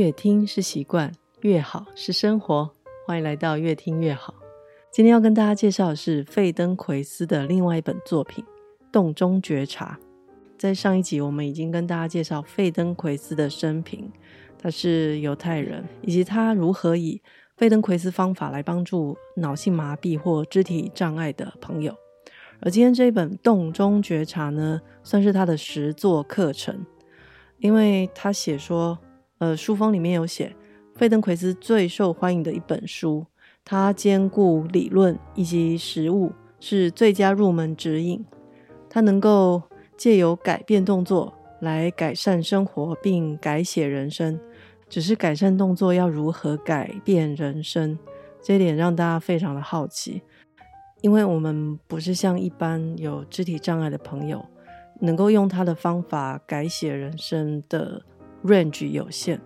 閱聽是習慣，閱好是生活。歡迎來到閱聽閱好。今天要跟大家介紹的是費登奎斯的另外一本作品《動中覺察》。在上一集我們已經跟大家介紹費登奎斯的生平，他是猶太人，以及他如何以費登奎斯方法來幫助腦性麻痹或肢體障礙的朋友。而今天這一本《動中覺察》呢，算是他的實作課程，因為他寫說。呃，書封裡面有寫，費登奎斯最受歡迎的一本書，它兼顧理論以及實務，是最佳入門指引。它能夠借由改變動作來改善生活，並改寫人生。只是改善動作要如何改變人生，這一點讓大家非常的好奇，因為我們不是像一般有肢體障礙的朋友，能夠用他的方法改寫人生的。range 有限，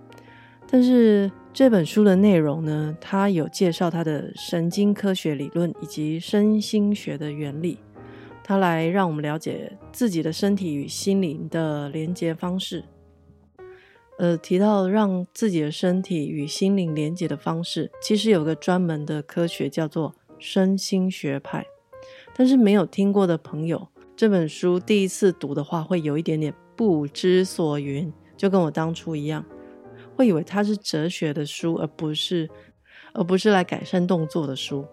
但是這本書的內容呢，它有介紹它的神經科學理論以及身心學的原理，它來讓我們了解自己的身體與心靈的連接方式。呃，提到讓自己的身體與心靈連接的方式，其實有個專門的科學叫做身心學派，但是沒有聽過的朋友，這本書第一次讀的話，會有一點點不知所云。就跟我當初一樣，會以為它是哲學的書，而不是，而不是來改善動作的書。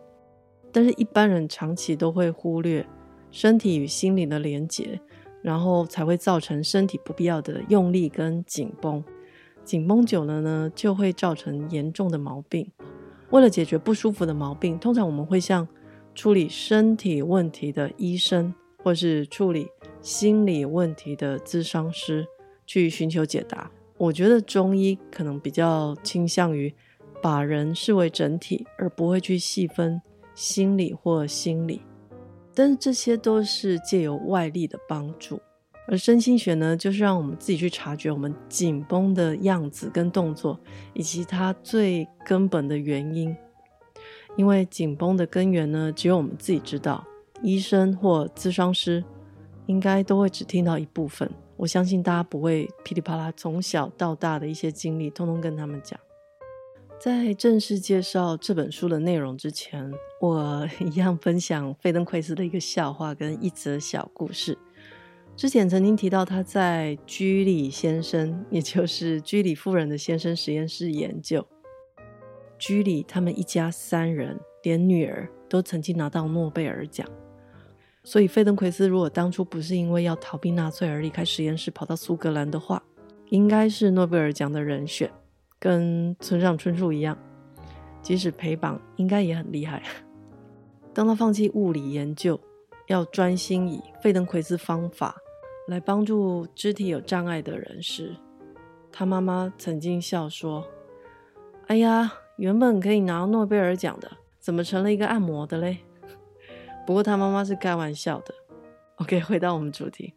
但是，一般人長期都會忽略身體與心靈的連結，然後才會造成身體不必要的用力跟緊繃。緊繃久了呢，就會造成嚴重的毛病。為了解決不舒服的毛病，通常我們會向處理身體問題的醫生，或是處理心理問題的諮商師。去尋求解答，我覺得中醫可能比較傾向於把人視為整體，而不會去細分心理或心理。但是這些都是借由外力的幫助，而身心學呢，就是讓我們自己去察覺我們緊繃的樣子跟動作，以及它最根本的原因。因為緊繃的根源呢，只有我們自己知道，醫生或諮商師應該都會只聽到一部分。我相信大家不會噼裡啪啦從小到大的一些經歷，通通跟他們講。在正式介紹這本書的內容之前，我一樣分享費登奎斯的一個笑話跟一則小故事。之前曾經提到他在居里先生，也就是居里夫人的先生實驗室研究。居里他們一家三人，連女兒都曾經拿到諾貝爾獎。所以費登奎斯如果當初不是因為要逃避納粹而離開實驗室跑到蘇格蘭的話，應該是諾貝爾獎的人選，跟村上春樹一樣，即使陪榜應該也很厲害。當他放棄物理研究，要專心以費登奎斯方法來幫助肢體有障礙的人時，他媽媽曾經笑說：“哎呀，原本可以拿諾貝爾獎的，怎麼成了一個按摩的嘞？”不過他媽媽是開玩笑的。OK，回到我們主題，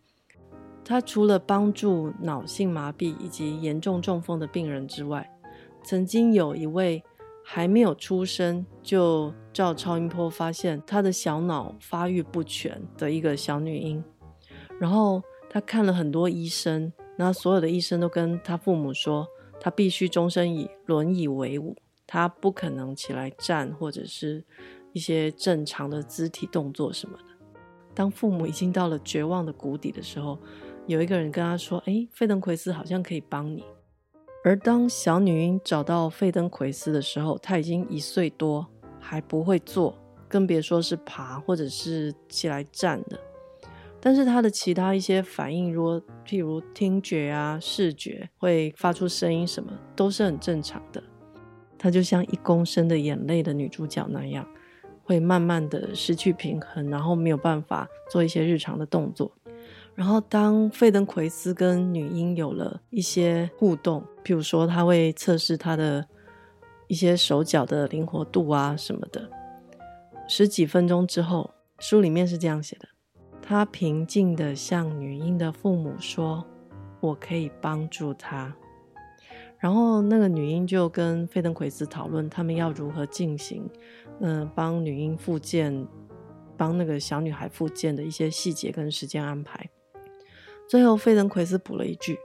他除了幫助腦性麻痹以及嚴重中風的病人之外，曾經有一位還沒有出生就照超音波發現他的小腦發育不全的一個小女嬰，然後他看了很多醫生，那所有的醫生都跟他父母說，他必須終身以輪椅為伍，他不可能起來站或者是。一些正常的肢體動作什麼的。當父母已經到了絕望的谷底的時候，有一個人跟他說：“哎，費登奎斯好像可以幫你。”而當小女嬰找到費登奎斯的時候，她已經一歲多，還不會坐，更別說是爬或者是起來站的。但是她的其他一些反應，如果譬如聽覺啊、視覺，會發出聲音什麼，都是很正常的。她就像一公升的眼淚的女主角那樣。會慢慢的失去平衡，然後沒有辦法做一些日常的動作。然後當費登奎斯跟女嬰有了一些互動，譬如說他會測試他的一些手腳的靈活度啊什麼的，十幾分鐘之後，書裡面是這樣寫的，他平靜地向女嬰的父母說：“我可以幫助她。”然後那個女嬰就跟費登奎斯討論他們要如何進行，嗯、呃，幫女嬰復健，幫那個小女孩復健的一些細節跟時間安排。最後費登奎斯補了一句：“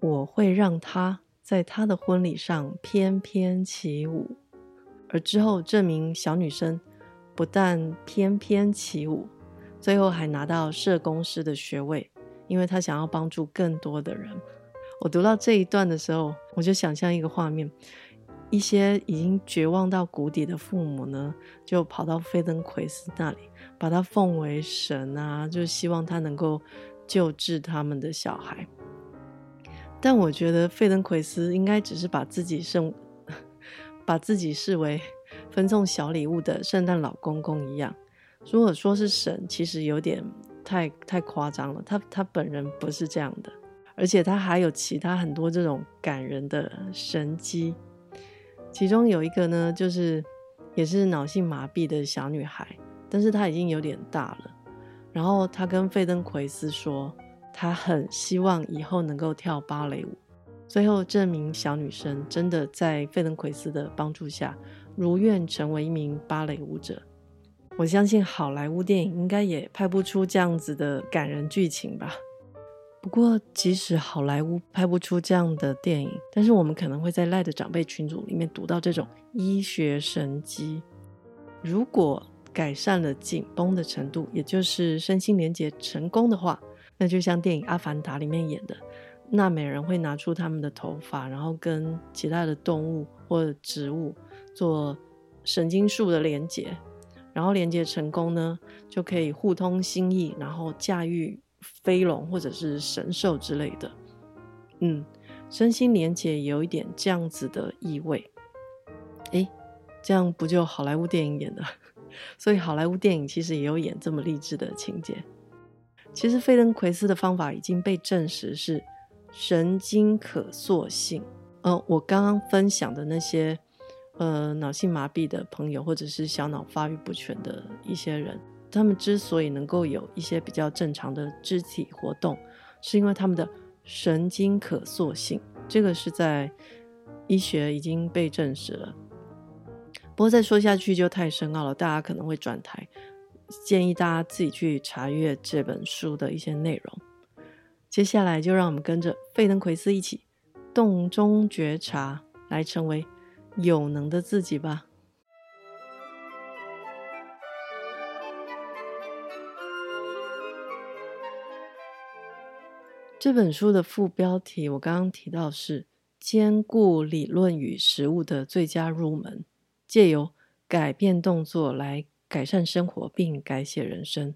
我會讓她在她的婚禮上翩翩起舞。”而之後這名小女生不但翩翩起舞，最後還拿到社工師的學位，因為她想要幫助更多的人。我讀到這一段的時候，我就想象一個畫面：一些已經絕望到谷底的父母呢，就跑到費登奎斯那裡，把他奉為神啊，就希望他能夠救治他們的小孩。但我覺得費登奎斯應該只是把自己聖，把自己視為分送小禮物的聖誕老公公一樣。如果說是神，其實有點太太誇張了。他他本人不是這樣的。而且她還有其他很多這種感人的神蹟，其中有一個呢，就是也是腦性麻痹的小女孩，但是她已經有點大了。然後她跟費登奎斯說，她很希望以後能夠跳芭蕾舞。最後，這名小女生真的在費登奎斯的幫助下，如願成為一名芭蕾舞者。我相信好萊塢電影應該也拍不出這樣子的感人劇情吧。不過，即使好萊塢拍不出這樣的電影，但是我們可能會在賴的長輩群組裡面讀到這種醫學神蹟。如果改善了緊繃的程度，也就是身心連接成功的話，那就像電影《阿凡達》裡面演的，納美人會拿出他們的頭髮，然後跟其他的動物或植物做神經束的連接，然後連接成功呢，就可以互通心意，然後駕馭飛龍或者是神獸之類的，嗯，身心連接也有一點這樣子的意味，誒，這樣不就好萊塢電影演的？所以好萊塢電影其實也有演這麼勵志的情節。其實費登奎斯的方法已經被證實是神經可塑性。呃，我剛剛分享的那些呃腦性麻痹的朋友或者是小腦發育不全的一些人。他們之所以能夠有一些比較正常的肢體活動，是因為他們的神經可塑性，這個是在醫學已經被證實了。不過再說下去就太深奧了，大家可能會轉台，建議大家自己去查閱這本書的一些內容。接下來就讓我們跟着費登奎斯一起動中覺察，來成為有能的自己吧。這本書的副標題我剛剛提到是兼顧理論與實務的最佳入門，借由改變動作來改善生活並改寫人生。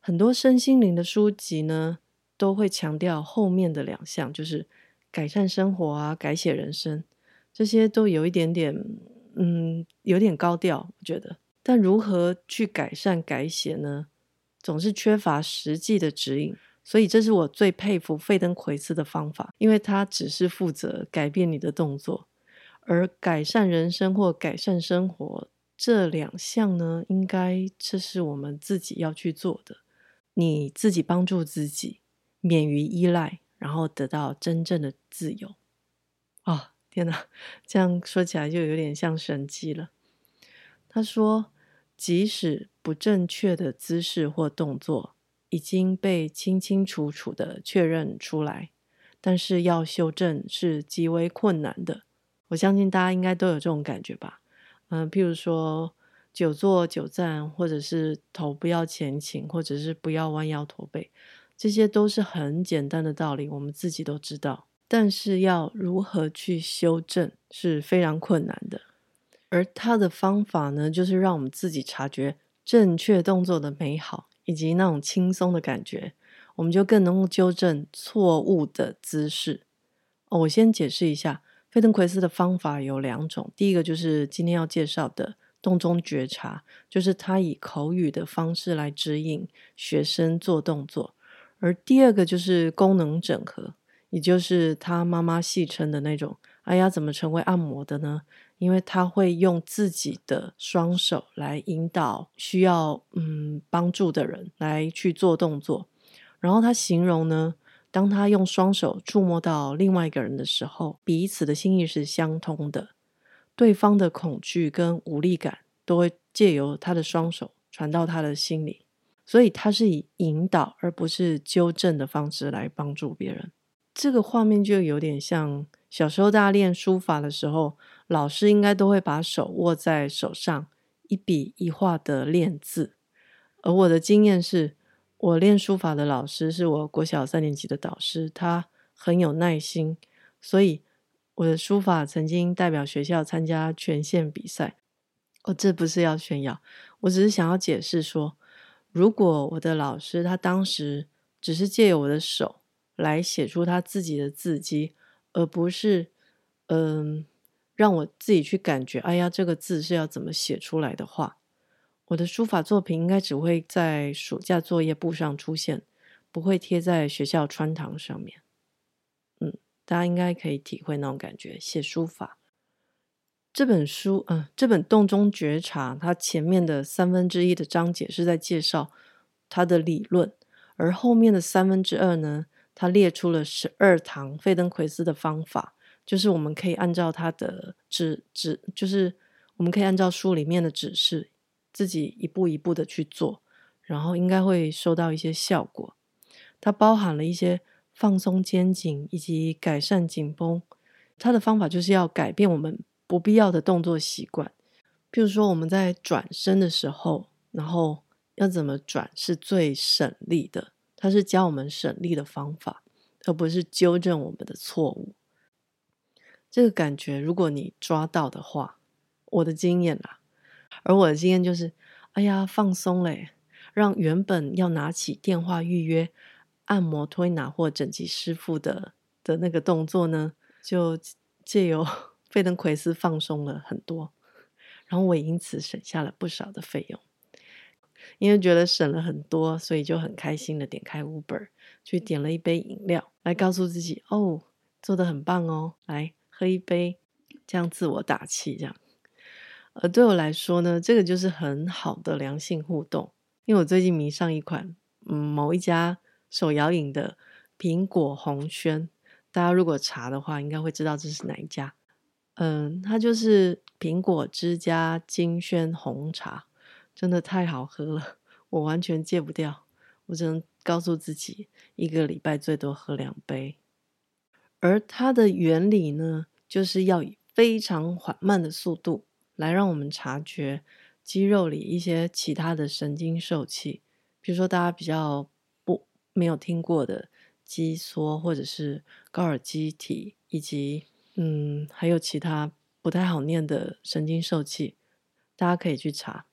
很多身心靈的書籍呢，都會強調後面的兩項，就是改善生活啊、改寫人生，這些都有一點點，嗯，有點高調，我覺得。但如何去改善改寫呢？總是缺乏實際的指引。所以，這是我最佩服費登奎斯的方法，因為他只是負責改變你的動作，而改善人生或改善生活這兩項呢，應該這是我們自己要去做的。你自己幫助自己，免於依賴，然後得到真正的自由。哦，天哪，這樣說起來就有點像神蹟了。他說，即使不正確的姿勢或動作，已經被清清楚楚的確認出來，但是要修正是極為困難的。我相信大家應該都有這種感覺吧？嗯、呃，譬如說久坐久站，或者是頭不要前傾，或者是不要彎腰駝背，這些都是很簡單的道理，我們自己都知道。但是要如何去修正是非常困難的。而他的方法呢，就是讓我們自己察覺正確動作的美好。以及那種輕鬆的感覺，我們就更能夠糾正錯誤的姿勢。哦，我先解釋一下，費登奎斯的方法有兩種，第一個就是今天要介紹的動中覺察，就是他以口語的方式來指引學生做動作；而第二個就是功能整合，也就是他媽媽戲稱的那種。哎呀，怎麼成為按摩的呢？因為他會用自己的雙手來引導需要嗯幫助的人來去做動作。然後他形容呢，當他用雙手觸摸到另外一個人的時候，彼此的心意是相通的，對方的恐懼跟無力感都會借由他的雙手傳到他的心裡。所以他是以引導而不是糾正的方式來幫助別人。這個畫面就有點像，小時候大家練書法的時候，老師應該都會把手握在手上，一筆一畫的練字。而我的經驗是，我練書法的老師是我國小三年級的導師，他很有耐心，所以我的書法曾經代表學校參加全縣比賽。哦，這不是要炫耀，我只是想要解釋說，如果我的老師他當時只是借由我的手來寫出他自己的字跡。而不是，嗯、呃，讓我自己去感覺。哎呀，這個字是要怎麼寫出來的話，我的書法作品應該只會在暑假作業簿上出現，不會貼在學校穿堂上面。嗯，大家應該可以體會那種感覺。寫書法這本書，嗯、呃，這本《動中覺察》，它前面的三分之一的章節是在介紹它的理論，而後面的三分之二呢？他列出了十二堂費登奎斯的方法，就是我們可以按照他的指指，就是我們可以按照書裡面的指示，自己一步一步的去做，然後應該會收到一些效果。它包含了一些放鬆肩頸以及改善緊繃。它的方法就是要改變我們不必要的動作習慣，譬如說我們在轉身的時候，然後要怎麼轉是最省力的。它是教我們省力的方法，而不是糾正我們的錯誤。這個感覺，如果你抓到的話，我的經驗啊，而我的經驗就是，哎呀，放鬆嘞，讓原本要拿起電話預約按摩推拿或整脊師傅的的那個動作呢，就借由費登奎斯放鬆了很多，然後我也因此省下了不少的費用。因為覺得省了很多，所以就很開心的點開 Uber，去點了一杯飲料，來告訴自己哦，做的很棒哦，來喝一杯，這樣自我打氣，這樣。呃，對我來說呢，這個就是很好的良性互動。因為我最近迷上一款嗯，某一家手搖飲的蘋果紅萱，大家如果查的話，應該會知道這是哪一家？嗯，它就是蘋果之家金萱紅茶。真的太好喝了，我完全戒不掉。我只能告訴自己，一個禮拜最多喝兩杯。而它的原理呢，就是要以非常緩慢的速度來讓我們察覺肌肉裡一些其他的神經受器，比如說大家比較不沒有聽過的肌梭或者是高爾基體，以及嗯還有其他不太好念的神經受器，大家可以去查。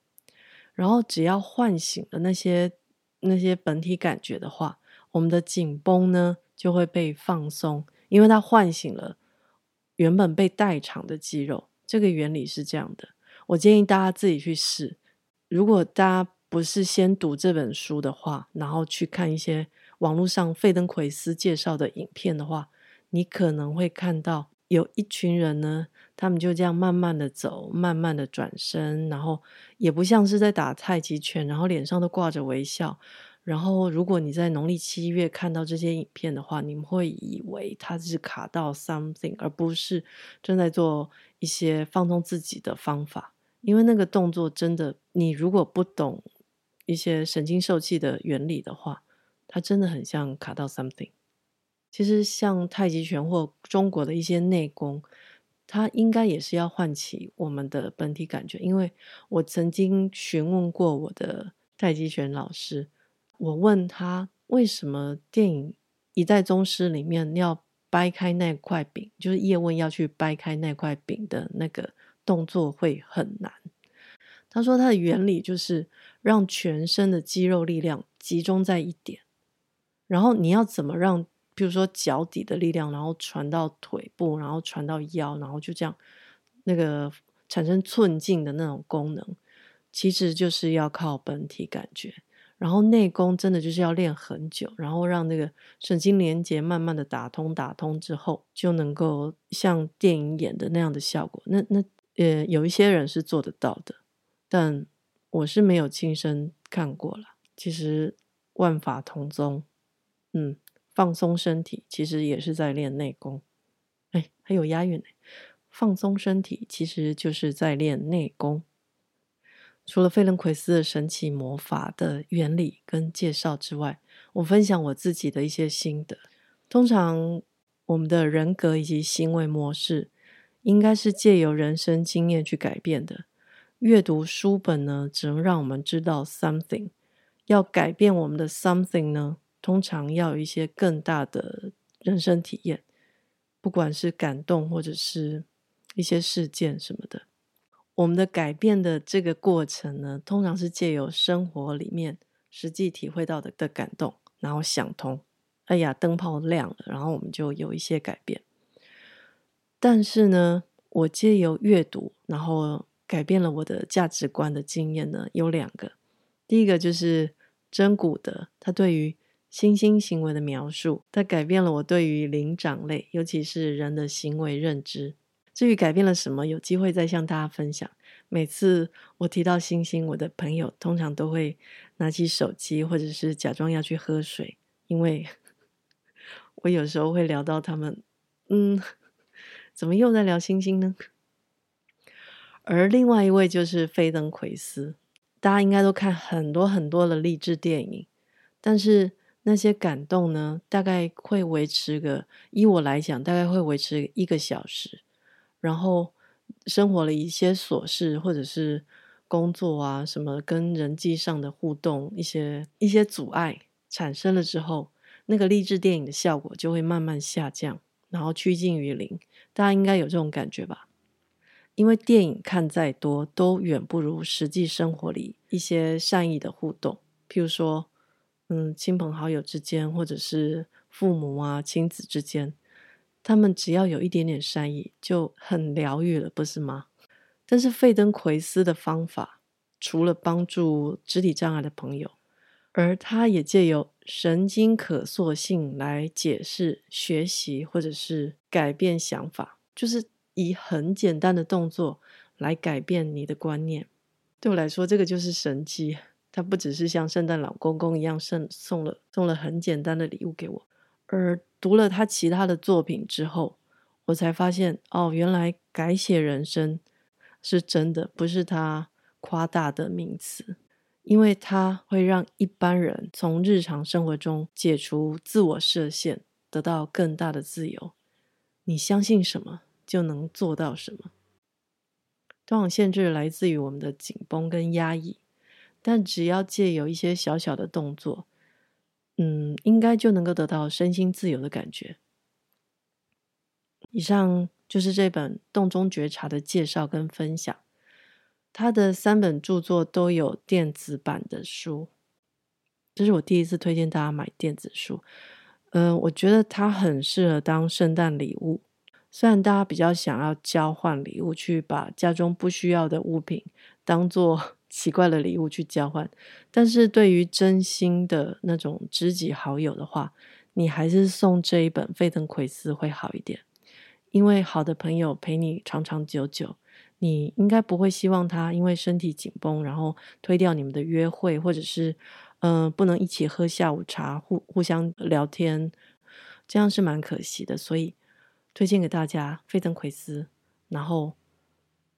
然後只要喚醒了那些那些本體感覺的話，我們的緊繃呢就會被放鬆，因為它喚醒了原本被代償的肌肉。這個原理是這樣的，我建議大家自己去試。如果大家不是先讀這本書的話，然後去看一些網絡上費登奎斯介紹的影片的話，你可能會看到有一群人呢，他們就這樣慢慢的走，慢慢的轉身，然後也不像是在打太極拳，然後臉上都掛着微笑。然後，如果你在農曆七月看到這些影片的話，你們會以為他是卡到 something，而不是正在做一些放鬆自己的方法。因為那個動作真的，你如果不懂一些神經受器的原理的話，它真的很像卡到 something。其實，像太極拳或中國的一些內功。他應該也是要喚起我們的本體感覺，因為我曾經詢問過我的太極拳老師，我問他為什麼電影《一代宗師》裡面要掰開那塊餅，就是葉問要去掰開那塊餅的那個動作會很難。他說他的原理就是讓全身的肌肉力量集中在一點，然後你要怎麼讓？就是說腳底的力量，然後傳到腿部，然後傳到腰，然後就這樣，那個產生寸勁的那種功能，其實就是要靠本體感覺。然後內功真的就是要練很久，然後讓那個神經連接慢慢的打通，打通之後就能夠像電影演的那樣的效果。那那呃，有一些人是做得到的，但我是沒有親身看過了。其實萬法同宗，嗯。放鬆身體其實也是在練內功，哎，還有押韻呢。放鬆身體其實就是在練內功。除了費登奎斯的神奇魔法的原理跟介紹之外，我分享我自己的一些心得。通常我們的人格以及行為模式應該是借由人生經驗去改變的。閱讀書本呢，只能讓我們知道 something。要改變我們的 something 呢？通常要有一些更大的人生體驗，不管是感動或者是一些事件什麼的。我們的改變的這個過程呢，通常是借由生活裡面實際體會到的的感動，然後想通，哎呀，燈泡亮了，然後我們就有一些改變。但是呢，我借由閱讀，然後改變了我的價值觀的經驗呢，有兩個。第一個就是珍古德，他對於猩猩行為的描述，它改變了我對於靈長類，尤其是人的行為認知。至於改變了什麼，有機會再向大家分享。每次我提到猩猩，我的朋友通常都會拿起手機，或者是假裝要去喝水，因為我有時候會聊到他們，嗯，怎麼又在聊猩猩呢？而另外一位就是費登奎斯，大家應該都看很多很多的勵志電影，但是。那些感動呢，大概會維持個，以我來講，大概會維持一個小時。然後生活了一些瑣事，或者是工作啊，什麼跟人際上的互動，一些一些阻礙產生了之後，那個勵志電影的效果就會慢慢下降，然後趨近於零。大家應該有這種感覺吧？因為電影看再多，都遠不如實際生活裡一些善意的互動，譬如說。嗯，親朋好友之間，或者是父母啊、親子之間，他們只要有一點點善意，就很療癒了，不是嗎？但是費登奎斯的方法，除了幫助肢體障礙的朋友，而他也借由神經可塑性來解釋學習或者是改變想法，就是以很簡單的動作來改變你的觀念。對我來說，這個就是神蹟。他不只是像聖誕老公公一樣送送了送了很簡單的禮物給我，而讀了他其他的作品之後，我才發現哦，原來改寫人生是真的，不是他誇大的名詞，因爲他會讓一般人從日常生活中解除自我設限，得到更大的自由。你相信什麼，就能做到什麼。多少限制來自於我們的緊繃跟壓抑。但只要藉由一些小小的動作，嗯，應該就能夠得到身心自由的感覺。以上就是這本《動中覺察》的介紹跟分享。他的三本著作都有電子版的書，這是我第一次推薦大家買電子書。嗯、呃，我覺得它很適合當聖誕禮物，雖然大家比較想要交換禮物，去把家中不需要的物品當做。奇怪的禮物去交換，但是對於真心的那種知己好友的話，你還是送這一本費登奎斯會好一點，因為好的朋友陪你長長久久，你應該不會希望他因為身體緊繃，然後推掉你們的約會，或者是嗯、呃、不能一起喝下午茶，互互相聊天，這樣是蠻可惜的。所以推薦給大家費登奎斯，然後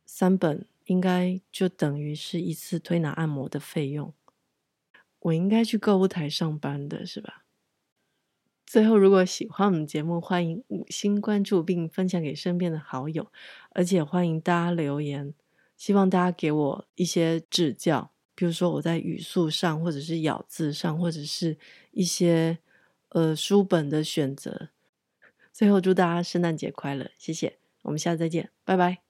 三本。應該就等於是一次推拿按摩的費用。我應該去購物台上班的是吧？最後，如果喜歡我們節目，歡迎五星關注並分享給身邊的好友，而且歡迎大家留言，希望大家給我一些指教，比如說我在語速上，或者是咬字上，或者是一些呃書本的選擇。最後，祝大家聖誕節快樂！謝謝，我們下次再見，拜拜。